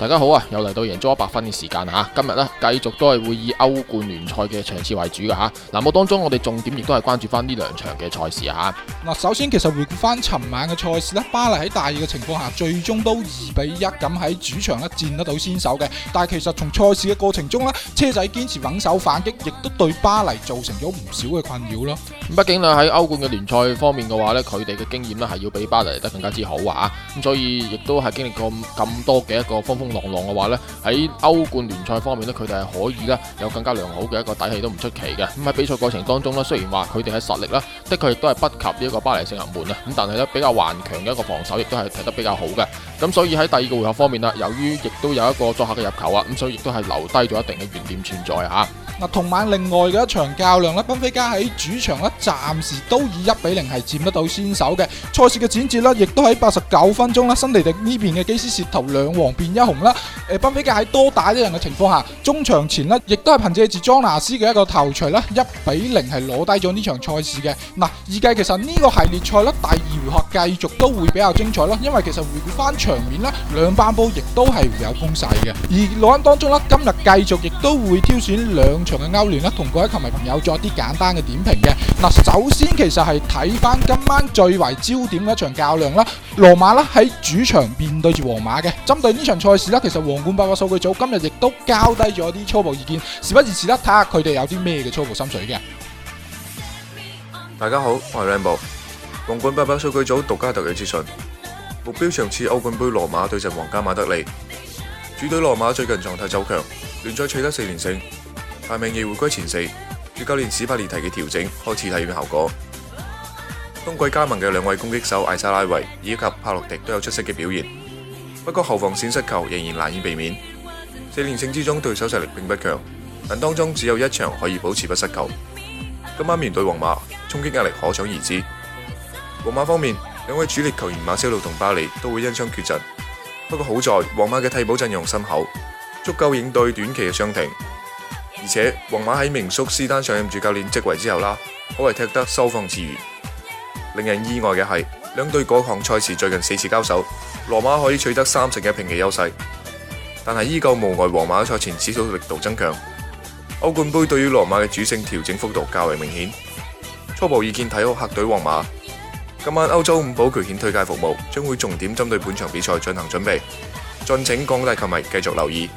大家好啊，又嚟到贏足一百 FUN 嘅時間啊！今日咧繼續都係會以歐冠聯賽嘅場次為主㗎吓，嗱，冇當中我哋重點亦都係關注翻呢兩場嘅賽事吓。嗱，首先其實回顧翻尋晚嘅賽事呢，巴黎喺大二嘅情況下，最終都二比一咁喺主場呢佔得到先手嘅。但係其實從賽事嘅過程中呢，車仔堅持穩守反擊，亦都對巴黎造成咗唔少嘅困擾咯。畢竟咧喺歐冠嘅聯賽方面嘅話呢，佢哋嘅經驗呢係要比巴黎得更加之好啊！咁所以亦都係經歷過咁多嘅一個風風。朗朗嘅話咧，喺歐冠聯賽方面咧，佢哋係可以咧，有更加良好嘅一個底氣都唔出奇嘅。咁、嗯、喺比賽過程當中咧，雖然話佢哋喺實力啦的確亦都係不及呢一個巴黎聖日門啊。咁但係咧比較頑強嘅一個防守，亦都係踢得比較好嘅。咁所以喺第二個回合方面啦，由於亦都有一個作客嘅入球啊，咁所以亦都係留低咗一定嘅懸念存在吓，嗱，同晚另外嘅一場較量咧，賓菲加喺主場咧暫時都以一比零係佔得到先手嘅。賽事嘅轉折咧，亦都喺八十九分鐘啦新地迪呢邊嘅基斯舌頭兩黃變一紅。啦，誒、啊，本菲嘉喺多打一人嘅情況下，中場前咧，亦都係憑借住莊拿斯嘅一個頭錘啦，一比零係攞低咗呢場賽事嘅。嗱、啊，預計其實呢個系列賽咧，第二回合繼續都會比較精彩咯，因為其實回顧翻場面咧，兩班波亦都係有攻勢嘅。而錄音當中咧，今日繼續亦都會挑選兩場嘅歐聯啦，同各位球迷朋友做一啲簡單嘅點評嘅。嗱、啊，首先其實係睇翻今晚最為焦點嘅一場較量啦，羅馬啦喺主場面對住皇馬嘅，針對呢場賽事。而家其實皇冠八卦數據組今日亦都交低咗啲初步意見，時不時時得睇下佢哋有啲咩嘅初步心水嘅。大家好，我係 Rambo，皇冠八卦數據組獨家特約資訊。目標場次歐冠杯羅馬對陣皇家馬德里，主隊羅馬最近狀態走強，聯賽取得四連勝，排名亦回歸前四。主教練史巴列提嘅調整開始體現效果。冬季加盟嘅兩位攻擊手艾沙拉維以及帕洛迪都有出色嘅表現。不過後防線失球仍然難以避免。四連勝之中對手實力並不強，但當中只有一場可以保持不失球。今晚面對皇馬，衝擊壓力可想而知。皇馬方面，兩位主力球員馬塞路同巴里都會因傷缺陣，不過好在皇馬嘅替補陣容深厚，足夠應對短期嘅傷停。而且皇馬喺名宿施丹上任主教練職位之後啦，可謂踢得收放自如。令人意外嘅係。兩隊各項賽事最近四次交手，羅馬可以取得三勝一平嘅優勢，但係依舊無礙皇馬喺賽前指數力度增強。歐冠盃對於羅馬嘅主勝調整幅度較為明顯。初步意見睇好客隊皇馬。今晚歐洲五寶巨獻推介服務將會重點針對本場比賽進行準備，敬請廣大球迷繼續留意。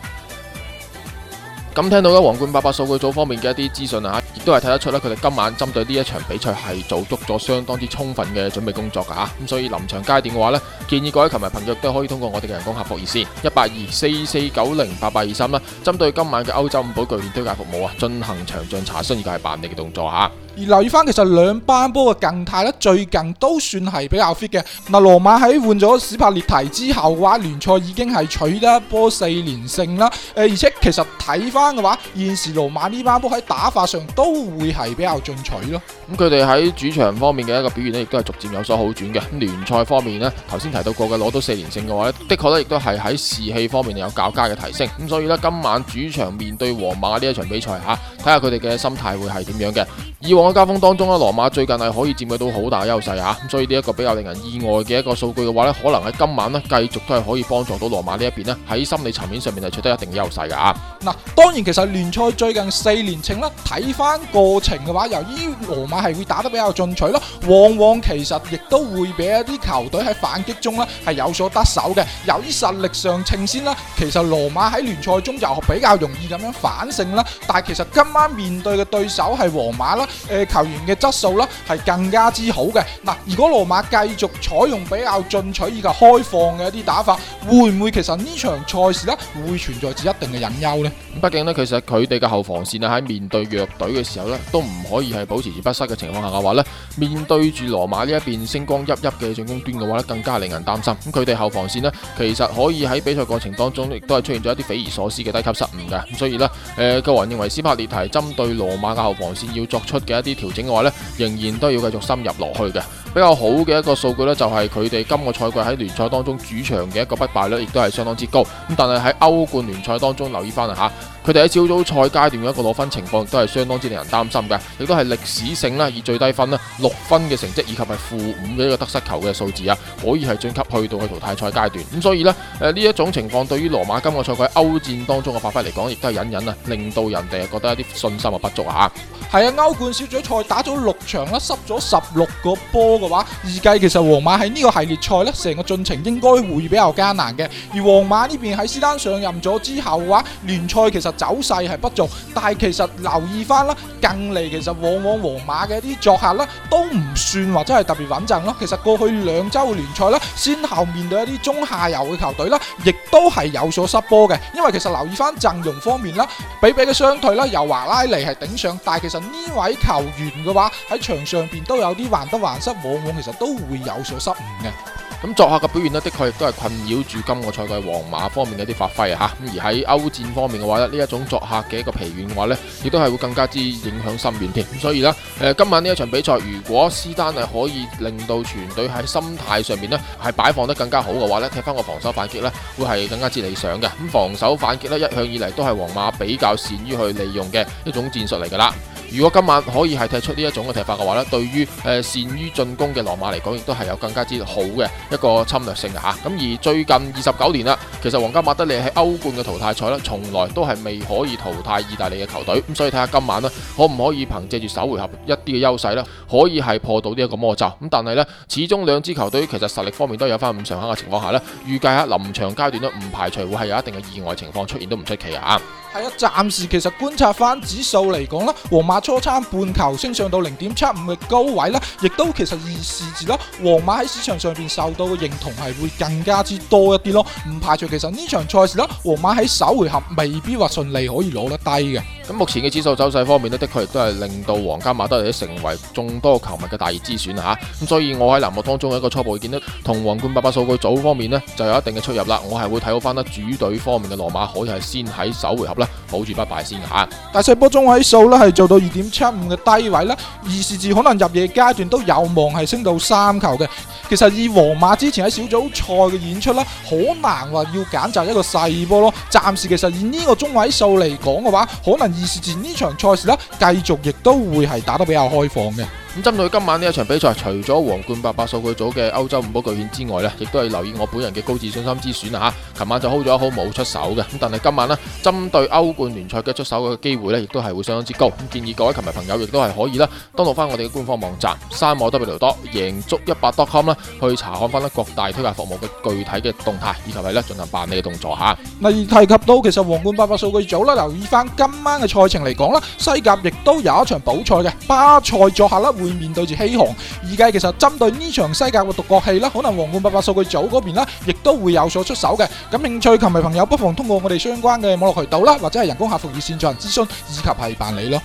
咁聽到咧，皇冠八八數據組方面嘅一啲資訊啊。亦都係睇得出啦，佢哋今晚針對呢一場比賽係做足咗相當之充分嘅準備工作噶嚇、啊，咁所以臨場階段嘅話呢，建議各位球迷朋友都可以通過我哋嘅人工客服熱線一八二四四九零八八二三啦，針對今晚嘅歐洲五寶巨獻推介服務啊，進行詳盡查詢而家係辦理嘅動作嚇、啊。而留意番其實兩班波嘅近態咧，最近都算係比較 fit 嘅。嗱，羅馬喺換咗史帕列提之後嘅、啊、話，聯賽已經係取得一波四連勝啦。誒，而且其實睇翻嘅話，現時羅馬呢班波喺打法上都～都會係比較進取咯。咁，佢哋喺主場方面嘅一個表現呢，亦都係逐漸有所好轉嘅。聯賽方面呢，頭先提到過嘅攞到四連勝嘅話呢，的確呢，亦都係喺士氣方面有較佳嘅提升。咁所以呢，今晚主場面對皇馬呢一場比賽吓，睇下佢哋嘅心態會係點樣嘅。以往嘅交鋒當中呢，羅馬最近係可以佔據到好大優勢嚇，咁所以呢一個比較令人意外嘅一個數據嘅話呢，可能喺今晚呢，繼續都係可以幫助到羅馬呢一邊呢，喺心理層面上面係取得一定優勢嘅吓。嗱，當然其實聯賽最近四連勝啦，睇翻過程嘅話，由於羅馬。係會打得比較進取咯，往往其實亦都會俾一啲球隊喺反擊中咧係有所得手嘅。由於實力上稱先啦，其實羅馬喺聯賽中就比較容易咁樣反勝啦。但係其實今晚面對嘅對手係皇馬啦，誒球員嘅質素啦係更加之好嘅。嗱，如果羅馬繼續採用比較進取以及開放嘅一啲打法，會唔會其實呢場賽事咧會存在住一定嘅隱憂咧？畢竟咧，其實佢哋嘅後防線啊喺面對弱隊嘅時候咧都唔可以係保持住不失。嘅情況下嘅話呢，面對住羅馬呢一邊星光熠熠嘅進攻端嘅話呢，更加令人擔心。咁佢哋後防線呢，其實可以喺比賽過程當中，亦都係出現咗一啲匪夷所思嘅低級失誤嘅。咁所以呢，誒、呃，個人認為斯帕列提針對羅馬嘅後防線要作出嘅一啲調整嘅話呢，仍然都要繼續深入落去嘅。比較好嘅一個數據呢，就係佢哋今個賽季喺聯賽當中主場嘅一個不敗率，亦都係相當之高。咁但係喺歐冠聯賽當中留意翻啊嚇佢哋喺小組賽階段嘅一個攞分情況都係相當之令人擔心嘅，亦都係歷史性啦，以最低分啦，六分嘅成績以及係負五嘅一個得失球嘅數字啊，可以係晉級去到去淘汰賽階段。咁、嗯、所以咧誒，呢一種情況對於羅馬今個賽季歐戰當中嘅發揮嚟講亦都係隱隱啊，令到人哋覺得一啲信心啊不足嚇。係啊，歐冠小組賽打咗六場啦，失咗十六個波嘅話預計其實皇馬喺呢個系列賽咧成個進程應該會比較艱難嘅。而皇馬呢邊喺斯丹上任咗之後嘅話聯賽其實。走勢係不俗，但係其實留意翻啦，近嚟其實往往皇馬嘅一啲作客啦，都唔算話真係特別穩陣咯。其實過去兩週嘅聯賽啦，先後面對一啲中下游嘅球隊啦，亦都係有所失波嘅。因為其實留意翻陣容方面啦，比比嘅雙腿啦，由華拉尼係頂上，但係其實呢位球員嘅話喺場上邊都有啲患得患失，往往其實都會有所失誤嘅。咁作客嘅表現呢，的確亦都係困擾住今個賽季皇馬方面嘅一啲發揮啊！嚇，而喺歐戰方面嘅話咧，呢一種作客嘅一個疲軟嘅話呢，亦都係會更加之影響深遠添。所以咧，誒、呃、今晚呢一場比賽，如果斯丹係可以令到全隊喺心態上面呢係擺放得更加好嘅話呢，踢翻個防守反擊呢會係更加之理想嘅。咁防守反擊呢，一向以嚟都係皇馬比較擅於去利用嘅一種戰術嚟㗎啦。如果今晚可以係踢出呢一種嘅踢法嘅話呢，對於誒善於進攻嘅羅馬嚟講，亦都係有更加之好嘅一個侵略性嚇。咁而最近二十九年啦，其實皇家馬德里喺歐冠嘅淘汰賽呢，從來都係未可以淘汰意大利嘅球隊。咁所以睇下今晚呢，可唔可以憑藉住首回合一啲嘅優勢咧，可以係破到呢一個魔咒？咁但係呢，始終兩支球隊其實實力方面都有翻咁上下嘅情況下呢，預計喺臨場階段都唔排除會係有一定嘅意外情況出現，都唔出奇啊！係啊，暫時其實觀察翻指數嚟講啦，皇馬初餐半球升上到零點七五嘅高位咧，亦都其實預示住啦，皇馬喺市場上邊受到嘅認同係會更加之多一啲咯，唔排除其實呢場賽事啦，皇馬喺首回合未必話順利可以攞得低嘅。咁目前嘅指數走勢方面呢，的確亦都係令到皇家馬德成為眾多球迷嘅大熱之選嚇。咁所以我喺欄目當中嘅一個初步見到，同皇冠八八數據組方面呢，就有一定嘅出入啦。我係會睇好翻得主隊方面嘅羅馬可以係先喺首回合呢保住不敗先嚇。大細波中位數呢，係做到二點七五嘅低位啦，而是至可能入夜階段都有望係升到三球嘅。其實以皇馬之前喺小組賽嘅演出呢，好難話要揀擇一個細波咯。暫時其實以呢個中位數嚟講嘅話，可能。而事前呢場賽事呢繼續亦都會係打得比較開放嘅。咁針對今晚呢一場比賽，除咗皇冠八八數據組嘅歐洲五波巨獻之外呢，亦都係留意我本人嘅高自信心之選啊！嚇，琴晚就 hold 咗好冇出手嘅，咁但係今晚呢，針對歐冠聯賽嘅出手嘅機會呢，亦都係會相當之高。咁建議各位球迷朋友亦都係可以啦，登錄翻我哋嘅官方網站三 W 多贏足一百 .com 啦，去查看翻呢各大推介服務嘅具體嘅動態，以及係咧進行辦理嘅動作嚇。提及到其實皇冠八八數據組啦，留意翻今晚嘅賽程嚟講啦，西甲亦都有一場補賽嘅巴塞作客啦。會面對住稀罕，預計其實針對呢場西甲嘅獨角戲啦，可能皇冠八八數據組嗰邊啦，亦都會有所出手嘅。感興趣球迷朋友不妨通過我哋相關嘅網絡渠道啦，或者係人工客服熱線進行諮詢以及係辦理咯。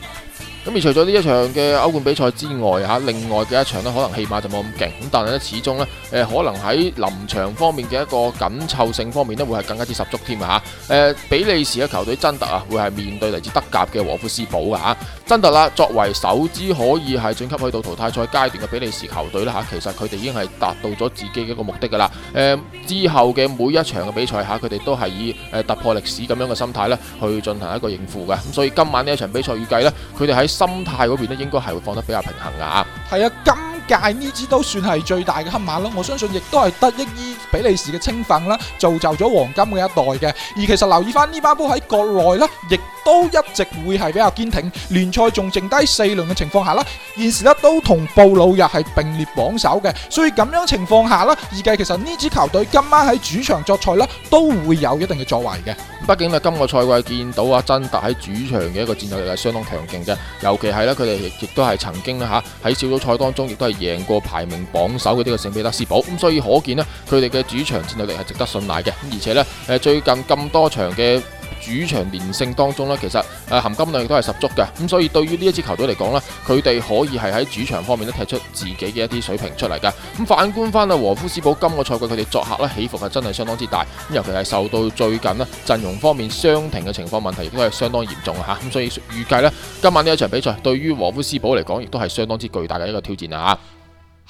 咁而除咗呢一場嘅歐冠比賽之外，另外嘅一場呢可能起碼就冇咁勁，咁但係呢始終呢可能喺臨場方面嘅一個緊湊性方面呢會係更加之十足添啊！比利時嘅球隊真特啊，會係面對嚟自德甲嘅和夫斯堡噶嚇。真特啦，作為首支可以係晉級去到淘汰賽階段嘅比利時球隊啦嚇，其實佢哋已經係達到咗自己嘅一個目的噶啦。之後嘅每一場嘅比賽嚇，佢哋都係以突破歷史咁樣嘅心態呢去進行一個應付嘅。咁所以今晚呢一場比賽預計呢佢哋喺心態嗰邊咧，應該係會放得比較平衡噶吓。係啊，是今屆呢支都算係最大嘅黑馬啦，我相信亦都係得益於比利時嘅青訓啦，造就咗黃金嘅一代嘅。而其實留意翻呢班波喺國內咧，亦都一直會係比較堅挺，聯賽仲剩低四輪嘅情況下啦，現時呢都同布魯日係並列榜首嘅，所以咁樣的情況下呢，預計其實呢支球隊今晚喺主場作賽呢都會有一定嘅作為嘅。畢竟呢，今個賽季見到阿真特喺主場嘅一個戰鬥力係相當強勁嘅，尤其係呢，佢哋亦都係曾經吓喺小組賽當中亦都係贏過排名榜首嘅呢個聖彼得斯堡，咁所以可見呢，佢哋嘅主場戰鬥力係值得信賴嘅，而且呢，誒最近咁多場嘅。主場連勝當中呢，其實誒含金量亦都係十足嘅，咁所以對於呢一支球隊嚟講呢，佢哋可以係喺主場方面都踢出自己嘅一啲水平出嚟嘅。咁反觀翻啊，和夫斯堡今個賽季佢哋作客呢起伏係真係相當之大，咁尤其係受到最近呢陣容方面傷停嘅情況問題，亦都係相當嚴重吓，咁所以預計呢，今晚呢一場比賽，對於和夫斯堡嚟講，亦都係相當之巨大嘅一個挑戰啊嚇。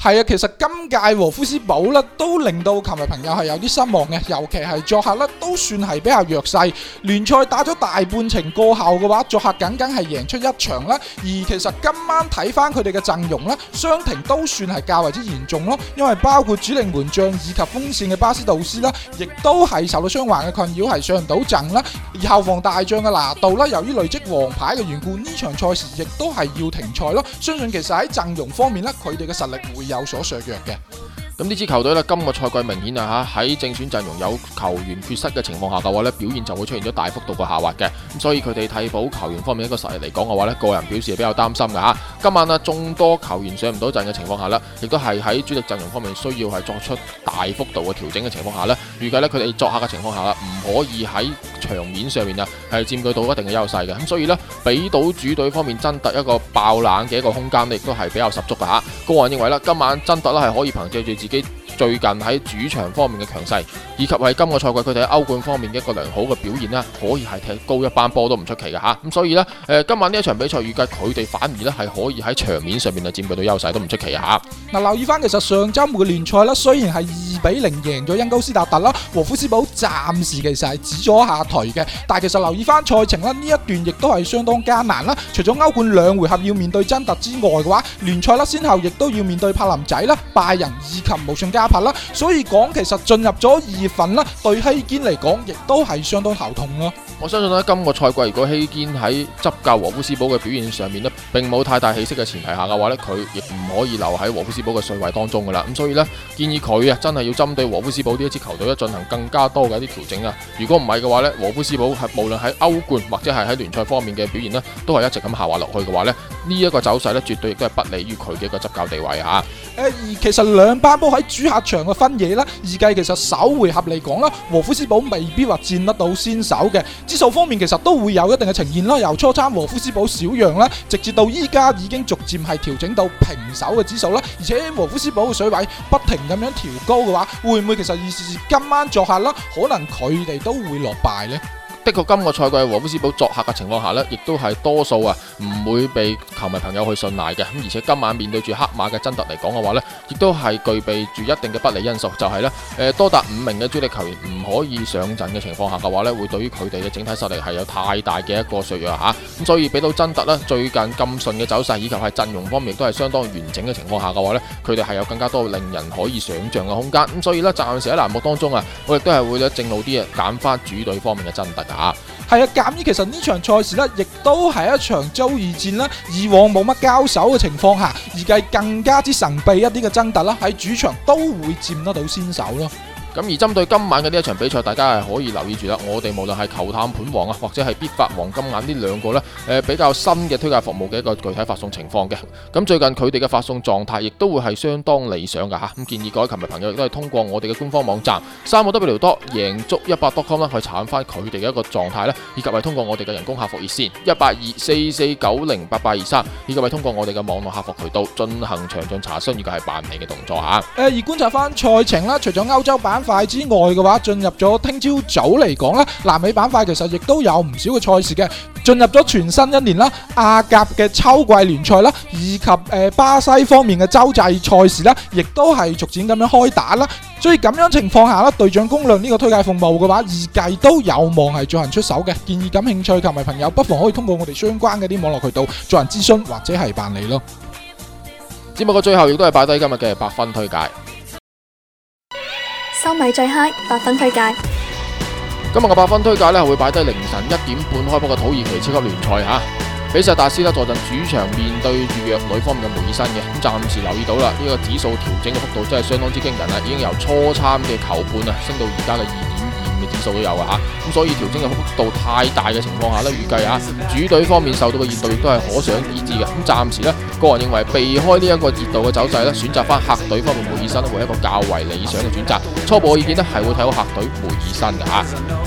係啊，其實今屆和夫斯堡咧，都令到琴日朋友係有啲失望嘅，尤其係作客咧，都算係比較弱勢。聯賽打咗大半程過後嘅話，作客僅僅係贏出一場啦。而其實今晚睇翻佢哋嘅陣容咧，傷停都算係較為之嚴重咯。因為包括主力門將以及鋒線嘅巴斯道斯啦，亦都係受到傷患嘅困擾，係上唔到陣啦。而後防大將嘅拿度啦，由於累積黃牌嘅緣故，呢場賽事亦都係要停賽咯。相信其實喺陣容方面咧，佢哋嘅實力會。有所削弱嘅。咁呢支球隊呢今個賽季明顯啊吓，喺正選陣容有球員缺失嘅情況下嘅話咧，表現就會出現咗大幅度嘅下滑嘅。咁所以佢哋替補球員方面一個實力嚟講嘅話咧，個人表示比較擔心噶吓。今晚啊眾多球員上唔到陣嘅情況下咧，亦都係喺主力陣容方面需要係作出大幅度嘅調整嘅情況下咧，預計咧佢哋作客嘅情況下啦，唔可以喺場面上面啊係佔據到一定嘅優勢嘅。咁所以咧，俾到主隊方面爭奪一個爆冷嘅一個空間亦都係比較十足噶吓。個人認為啦今晚爭奪啦，係可以憑借住自己最近喺主場方面嘅強勢，以及喺今個賽季佢哋喺歐冠方面嘅一個良好嘅表現咧，可以係踢高一班波都唔出奇嘅吓。咁所以咧，誒、呃、今晚呢一場比賽預計佢哋反而咧係可以喺場面上面啊占據到優勢都唔出奇吓。嗱，留意翻其實上周末嘅聯賽啦，雖然係二比零贏咗因高斯達特啦，和夫斯堡暫時其實係止咗下頹嘅，但係其實留意翻賽程啦，呢一段亦都係相當艱難啦。除咗歐冠兩回合要面對爭特之外嘅話，聯賽啦先後亦都要面對柏林仔啦、拜仁以及。無上加拍啦，所以講其實進入咗二月份啦，對希堅嚟講亦都係相當頭痛啊！我相信呢，今個賽季如果希堅喺執教和夫斯堡嘅表現上面呢，並冇太大起色嘅前提下嘅話呢，佢亦唔可以留喺和夫斯堡嘅帥位當中噶啦。咁所以呢，建議佢啊，真係要針對和夫斯堡呢一支球隊呢，進行更加多嘅一啲調整啊！如果唔係嘅話呢，和夫斯堡係無論喺歐冠或者係喺聯賽方面嘅表現呢，都係一直咁下滑落去嘅話呢，呢、這、一個走勢呢，絕對亦都係不利於佢嘅一個執教地位吓、啊。誒，而其實兩班喺主客場嘅分野咧，預計其實首回合嚟講咧，和夫斯堡未必話佔得到先手嘅。指數方面，其實都會有一定嘅呈現啦。由初參和夫斯堡小讓啦，直至到依家已經逐漸係調整到平手嘅指數啦。而且和夫斯堡嘅水位不停咁樣調高嘅話，會唔會其實意思係今晚作客啦，可能佢哋都會落敗呢？的確今個賽季，和夫斯堡作客嘅情況下呢，亦都係多數啊，唔會被球迷朋友去信賴嘅。咁而且今晚面對住黑馬嘅真特嚟講嘅話呢，亦都係具備住一定嘅不利因素，就係呢，誒，多達五名嘅主力球員唔可以上陣嘅情況下嘅話呢，會對於佢哋嘅整體實力係有太大嘅一個削弱吓。咁所以俾到真特呢，最近咁順嘅走勢，以及係陣容方面都係相當完整嘅情況下嘅話呢，佢哋係有更加多令人可以想象嘅空間。咁所以呢，暫時喺欄目當中啊，我亦都係會咧正路啲啊，揀翻主隊方面嘅真特噶。係啊，鑒於其實呢場賽事呢，亦都係一場遭遇戰啦，以往冇乜交手嘅情況下，而計更加之神秘一啲嘅爭突啦，喺主場都會佔得到先手咯。咁而針對今晚嘅呢一場比賽，大家係可以留意住啦。我哋無論係球探盤王啊，或者係必發黃金眼呢兩個呢，誒比較新嘅推介服務嘅一個具體發送情況嘅。咁最近佢哋嘅發送狀態亦都會係相當理想㗎。咁建議各位琴日朋友亦都係通過我哋嘅官方網站、嗯、三個 W 多贏足一百 .com 去查翻佢哋嘅一個狀態咧，以及係通過我哋嘅人工客服熱線一八二四四九零八八二三，23，以及係通過我哋嘅網絡客服渠道進行詳盡查詢，而家係辦理嘅動作嚇。而觀察翻賽程啦，除咗歐洲版板塊之外嘅話，進入咗聽朝早嚟講啦，南美板塊其實亦都有唔少嘅賽事嘅。進入咗全新一年啦，阿甲嘅秋季聯賽啦，以及誒巴西方面嘅洲際賽事啦，亦都係逐漸咁樣開打啦。所以咁樣情況下啦，隊長攻略呢個推介服務嘅話，預計都有望係進行出手嘅。建議感興趣球迷朋友不妨可以通過我哋相關嘅啲網絡渠道進行諮詢或者係辦理咯。節目嘅最後亦都係擺低今日嘅百分推介。收米最嗨，百分推介。今日嘅百分推介呢，會擺低凌晨一點半開波嘅土耳其超級聯賽吓。比薩達斯呢坐鎮主場，面對住弱旅方面嘅梅爾森嘅。咁暫時留意到啦，呢、這個指數調整嘅幅度真係相當之驚人啊，已經由初參嘅球半啊，升到而家嘅二。指數都有啊，吓，咁所以調整嘅幅度太大嘅情況下咧，預計啊主隊方面受到嘅熱度亦都係可想而知嘅。咁暫時呢，個人認為避開呢一個熱度嘅走勢咧，選擇翻客隊方面梅爾森咧會係一個較為理想嘅選擇。初步嘅意見呢，係會睇好客隊梅爾森嘅吓。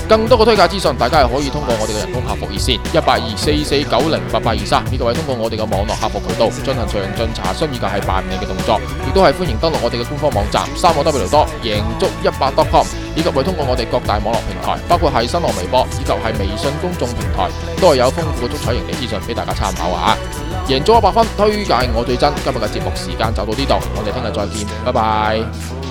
更多嘅推介資訊，大家係可以通過我哋嘅人工客服熱線一八二四四九零八八二三呢個位，23, 通過我哋嘅網絡客服渠道進行詳盡查詢以及係辦理嘅動作，亦都係歡迎登錄我哋嘅官方網站三個 W 多贏足一百 dotcom 以及為通過我哋各大。網絡平台包括係新浪微博以及係微信公眾平台，都係有豐富嘅足彩贏嘅資訊俾大家參考下贏足 100FUN，推介我最真。今日嘅節目時間就到呢度，我哋聽日再見，拜拜。